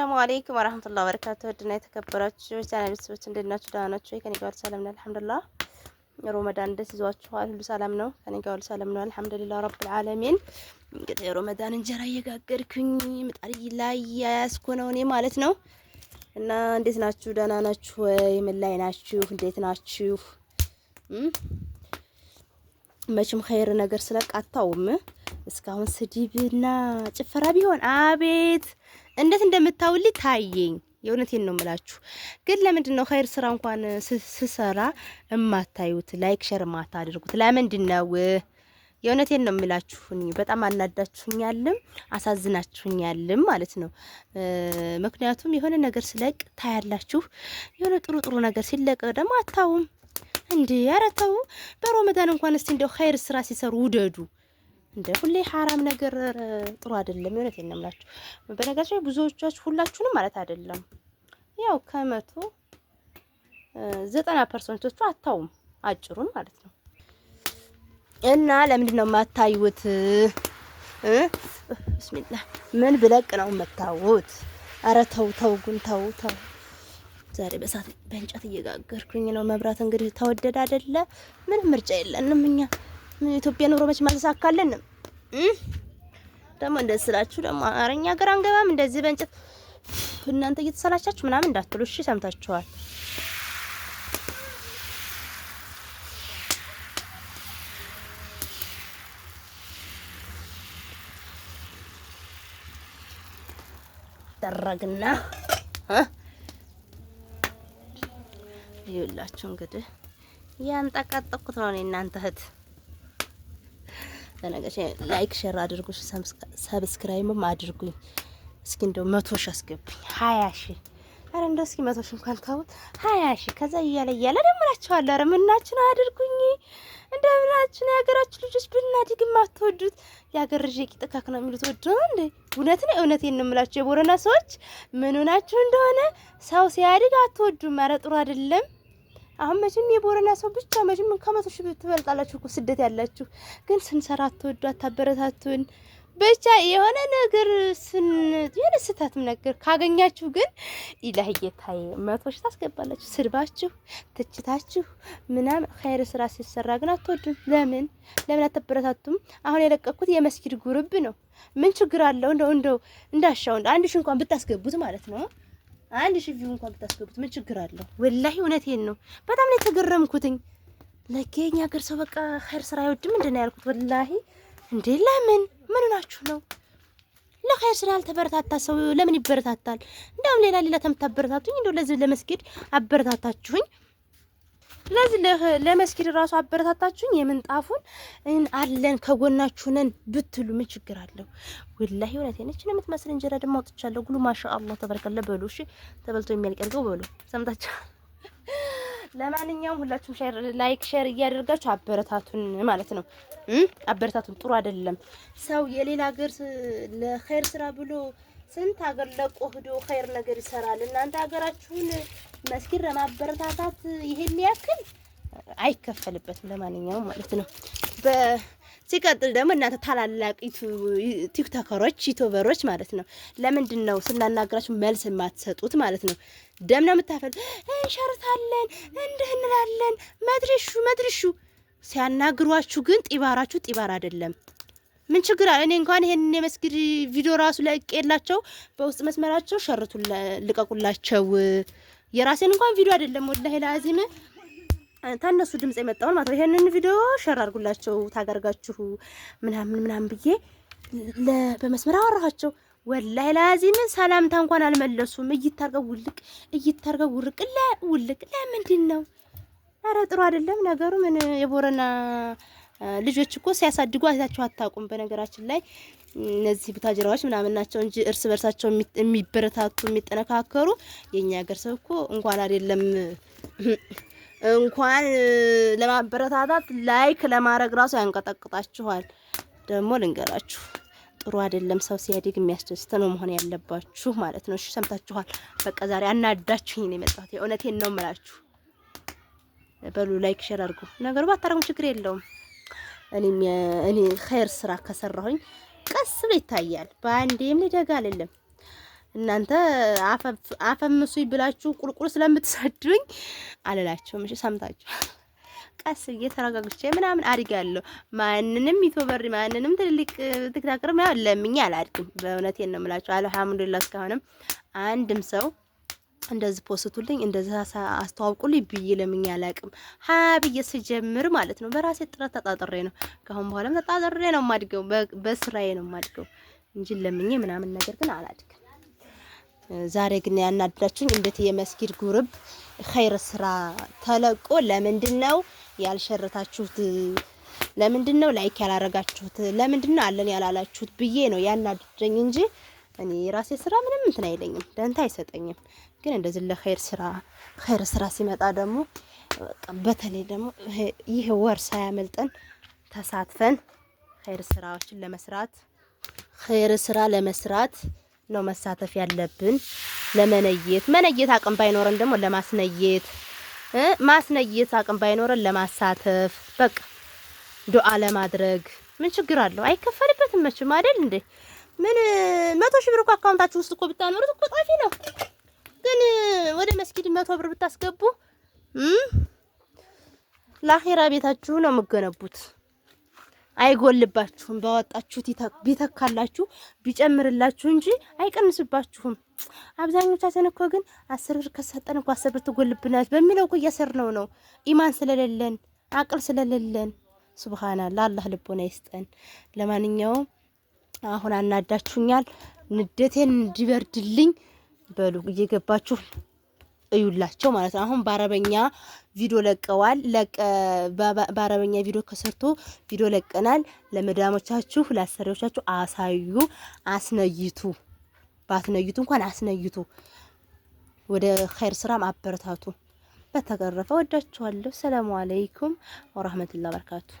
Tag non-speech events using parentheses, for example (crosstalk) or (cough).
አሰላሙ አለይኩም ወራህመቱላሂ ወበረካቱ። ውድና የተከበራችሁ ቻናል ቤተሰቦች እንዴት ናችሁ? ደህና ናችሁ ወይ? ከኔ ጋር ሰላም ነው አልሐምዱሊላህ። ሮመዳን ደስ ይዟችኋል? ሁሉ ሰላም ነው? ከኔ ጋር ሰላም ነው አልሐምዱሊላህ ረብል ዓለሚን። እንግዲህ ሮመዳን እንጀራ እየጋገርኩኝ ምጣድ ላይ እያያዝኩ ነው እኔ ማለት ነው። እና እንዴት ናችሁ? ደህና ናችሁ ወይ? ምን ላይ ናችሁ? እንዴት ናችሁ? መቼም ኸይር ነገር ስለቃታውም እስካሁን ስድብና ጭፈራ ቢሆን አቤት እንዴት እንደምታውልኝ ታየኝ። የእውነቴን ነው የምላችሁ። ግን ለምንድን ነው ኸይር ስራ እንኳን ስሰራ እማታዩት? ላይክ ሸር ማታ አድርጉት። ለምንድን ነው? የእውነቴን ነው የምላችሁኝ። በጣም አናዳችሁኛልም፣ አሳዝናችሁኛልም ማለት ነው። ምክንያቱም የሆነ ነገር ስለቅ ታያላችሁ፣ የሆነ ጥሩ ጥሩ ነገር ሲለቅ ደግሞ አታውም። እንዲህ ያረተው በሮመዳን እንኳን እስቲ እንደው ኸይር ስራ ሲሰሩ ውደዱ። እንደ ሁሌ ሀራም ነገር ጥሩ አይደለም። የእውነቴን ነው የምላችሁ። በነገራችን ላይ ብዙዎቻችሁ ሁላችሁንም ማለት አይደለም ያው ከመቶ ዘጠና ፐርሰንቶቹ አታውም አጭሩን ማለት ነው። እና ለምንድን ነው የማታዩት? ብስሚላ ምን ብለቅ ነው የምታዩት? አረ ተው ተው፣ ግን ተው ተው። ዛሬ በእሳት በእንጨት እየጋገርኩኝ ነው። መብራት እንግዲህ ተወደደ አይደለ? ምንም ምርጫ የለንም እኛ ኢትዮጵያ ኑሮ መች አልተሳካልንም። ደግሞ እንደዚህ ስላችሁ ደግሞ አረኛ ሀገር አንገባም። እንደዚህ በእንጨት እናንተ እየተሰላቻችሁ ምናምን እንዳትሉ እሺ። ሰምታችኋል። ደረግና ይኸውላችሁ እንግዲህ ያንጠቀጠቁት ጠቃጠቁት ነው እናንተ እህት ተነቀሽ ላይክ ሼር አድርጉ፣ ሰብስክራይብም አድርጉኝ። እስኪ እንደው መቶ ሺህ አስገቡኝ፣ ሀያ ሺህ አረ እንደው እስኪ መቶ ሺህ እንኳን ታውት ሀያ ሺህ ከዛ እያለ እያለ ደምላችኋለሁ። አረ ምናችን አድርጉኝ፣ እንደምናችን የሀገራችሁ ልጆች ብናድግ የማትወዱት የሀገር ልጅ ቂጥካክ ነው የሚሉት ወዶ እንዴ? እውነት ነው እውነት እንምላችሁ የቦረና ሰዎች ምን ሆናችሁ እንደሆነ ሰው ሲያድግ አትወዱም። አረ ጥሩ አይደለም። አሁን መቼም የቦረና ሰው ብቻ መቼም ከመቶ ሺህ ትበልጣላችሁ እኮ ስደት ያላችሁ ግን ስንሰራ አትወዱ፣ አታበረታቱን። ብቻ የሆነ ነገር የሆነ ስህተትም ነገር ካገኛችሁ ግን ኢላህ ጌታዬ መቶ ሺህ ታስገባላችሁ። ስድባችሁ፣ ትችታችሁ ምናምን ኸይር ስራ ሲሰራ ግን አትወዱም። ለምን ለምን አታበረታቱም? አሁን የለቀኩት የመስጊድ ጉርብ ነው። ምን ችግር አለው? እንደው እንደው እንዳሻው አንድ ሺህ እንኳን ብታስገቡት ማለት ነው አንድ ሺ ቪው እንኳን ብታስገቡት ምን ችግር አለው? ወላሂ እውነቴን ነው። በጣም ነው የተገረምኩትኝ። ለኬኛ ሀገር ሰው በቃ ኸይር ስራ አይወድም እንደ ነው ያልኩት። ወላሂ እንዴ ለምን ምን ናችሁ ነው ለኸይር ስራ ያልተበረታታ ሰው ለምን ይበረታታል? እንደውም ሌላ ሌላ ተምታበረታቱኝ እንደው ለዚህ ለመስጊድ አበረታታችሁኝ። ስለዚህ ለመስጊድ ራሱ አበረታታችሁኝ የምንጣፉን አለን ከጎናችሁነን ብትሉ ምን ችግር አለው? ወላሂ እውነቴን ነች ነው የምትመስል እንጀራ ደግሞ አውጥቻለሁ። ጉሉ ማሻአላህ ተበረከለ በሉ። እሺ ተበልቶ የሚያልቀርገው በሉ። ሰምታችሁ (laughs) ለማንኛውም ሁላችሁም ሼር፣ ላይክ፣ ሼር እያደርጋችሁ አበረታቱን ማለት ነው። አበረታቱን ጥሩ አይደለም። ሰው የሌላ ሀገር ለኸይር ስራ ብሎ ስንት ሀገር ለቆ ሂዶ ኸይር ነገር ይሰራል። እናንተ ሀገራችሁን መስኪን ለማበረታታት ይሄን ያክል አይከፈልበትም። ለማንኛውም ማለት ነው። ሲቀጥል ደግሞ እናንተ ታላላቅ ቲክቶከሮች ዩቱበሮች ማለት ነው፣ ለምንድን ነው ስናናግራችሁ መልስ የማትሰጡት ማለት ነው? ደም ነው የምታፈል። እንሸርታለን፣ እንድህ እንላለን፣ መድርሹ መድርሹ። ሲያናግሯችሁ ግን ጢባራችሁ ጢባር አይደለም። ምን ችግር እኔ እንኳን ይሄን የመስጊድ ቪዲዮ ራሱ ለቄላቸው በውስጥ መስመራቸው ሸርቱ ልቀቁላቸው የራሴን እንኳን ቪዲዮ አይደለም ወላሂ ለአዚም ታነሱ ድምጽ የመጣውን ማለት ነው። ይሄንን ቪዲዮ ሸር አድርጉላቸው ታጋርጋችሁ ምናምን ምናምን ብዬ በመስመር አወራኋቸው። ወላሂ ለአዚም ሰላምታ እንኳን አልመለሱም። እይታርገው ውልቅ እይታርገው ውርቅ ውልቅ። ለምንድን ነው? ኧረ ጥሩ አይደለም ነገሩ። ምን የቦረና ልጆች እኮ ሲያሳድጉ አይታቸው አታውቁም። በነገራችን ላይ እነዚህ ቡታጅራዎች ምናምን ናቸው እንጂ እርስ በርሳቸው የሚበረታቱ የሚጠነካከሩ። የኛ ሀገር ሰው እኮ እንኳን አይደለም (clears throat) እንኳን ለማበረታታት ላይክ ለማድረግ ራሱ ያንቀጠቅጣችኋል። ደግሞ ልንገራችሁ ጥሩ አይደለም። ሰው ሲያድግ የሚያስደስት ነው መሆን ያለባችሁ ማለት ነው። እሺ ሰምታችኋል። በቃ ዛሬ አናዳችሁኝ ነው የመጣሁት። የእውነቴን ነው የምላችሁ። በሉ ላይክ ሸር አድርጉ። ነገሩ ባታረጉም ችግር የለውም። እኔ ኸይር ስራ ከሰራሁኝ ቀስ ብሎ ይታያል። በአንዴም ልደግ አይደለም። እናንተ አፈምሱኝ ብላችሁ ቁልቁል ስለምትሰዱኝ አልላችሁም። እሺ ሰምታችሁ ቀስ እየተረጋግቼ ምናምን አድጋለሁ። ማንንም ይቶበር ማንንም ትልልቅ ትክታክርም ያው ለምኛ አላድግም። በእውነቴን ነው የምላችሁ። አልሐምዱሊላህ እስካሁንም አንድም ሰው እንደዚህ ፖስቱልኝ፣ እንደዚህ አስተዋውቁልኝ ብዬ ለምኝ አላቅም። ሀ ብዬ ስጀምር ማለት ነው በራሴ ጥረት ተጣጥሬ ነው። ከአሁን በኋላም ተጣጥሬ ነው ማድገው በስራዬ ነው ማድገው እንጂ ለምኝ ምናምን ነገር ግን አላድግም። ዛሬ ግን ያናዳችሁኝ እንዴት የመስጊድ ጉርብ ኸይር ስራ ተለቆ ለምንድን ነው ያልሸረታችሁት? ለምንድን ነው ላይክ ያላረጋችሁት? ለምንድን ነው አለን ያላላችሁት ብዬ ነው ያናደደኝ እንጂ እኔ የራሴ ስራ ምንም እንትን አይለኝም፣ ደንታ አይሰጠኝም። ግን እንደዚህ ለኸይር ስራ ኸይር ስራ ሲመጣ ደግሞ በተለይ ደግሞ ይህ ወር ሳያመልጠን ተሳትፈን ኸይር ስራዎችን ለመስራት ኸይር ስራ ለመስራት ነው መሳተፍ ያለብን። ለመነየት መነየት አቅም ባይኖረን ደግሞ ለማስነየት ማስነየት አቅም ባይኖረን ለማሳተፍ በቃ ዱዓ ለማድረግ ምን ችግር አለው? አይከፈልበትም መቼም አይደል እንዴ? ምን መቶ ሺህ ብር እኮ አካውንታችሁ ውስጥ እኮ ብታኖሩት እኮ ጣፊ ነው። ግን ወደ መስጊድ መቶ ብር ብታስገቡ ለአኺራ ቤታችሁ ነው የምገነቡት። አይጎልባችሁም። ባወጣችሁት ቢተካላችሁ ቢጨምርላችሁ እንጂ አይቀንስባችሁም። አብዛኞቻችን እኮ ግን አስር ብር ከሰጠን እኮ አስር ብር ትጎልብናል በሚለው እኮ እያሰር ነው ነው ኢማን ስለሌለን አቅል ስለሌለን። ሱብሃናላህ አላህ ልቦና ይስጠን። ለማንኛውም አሁን አናዳችሁኛል። ንዴቴን እንዲበርድልኝ በሉ እየገባችሁ እዩላቸው ማለት ነው። አሁን በአረበኛ ቪዲዮ ለቀዋል። በአረበኛ ቪዲዮ ከሰርቶ ቪዲዮ ለቀናል። ለመዳሞቻችሁ ለአሰሪዎቻችሁ አሳዩ፣ አስነይቱ። ባትነይቱ እንኳን አስነይቱ። ወደ ኸይር ስራም አበረታቱ። በተቀረፈ ወዳችኋለሁ። ሰላሙ አለይኩም ወራህመቱላ በረካቱሁ።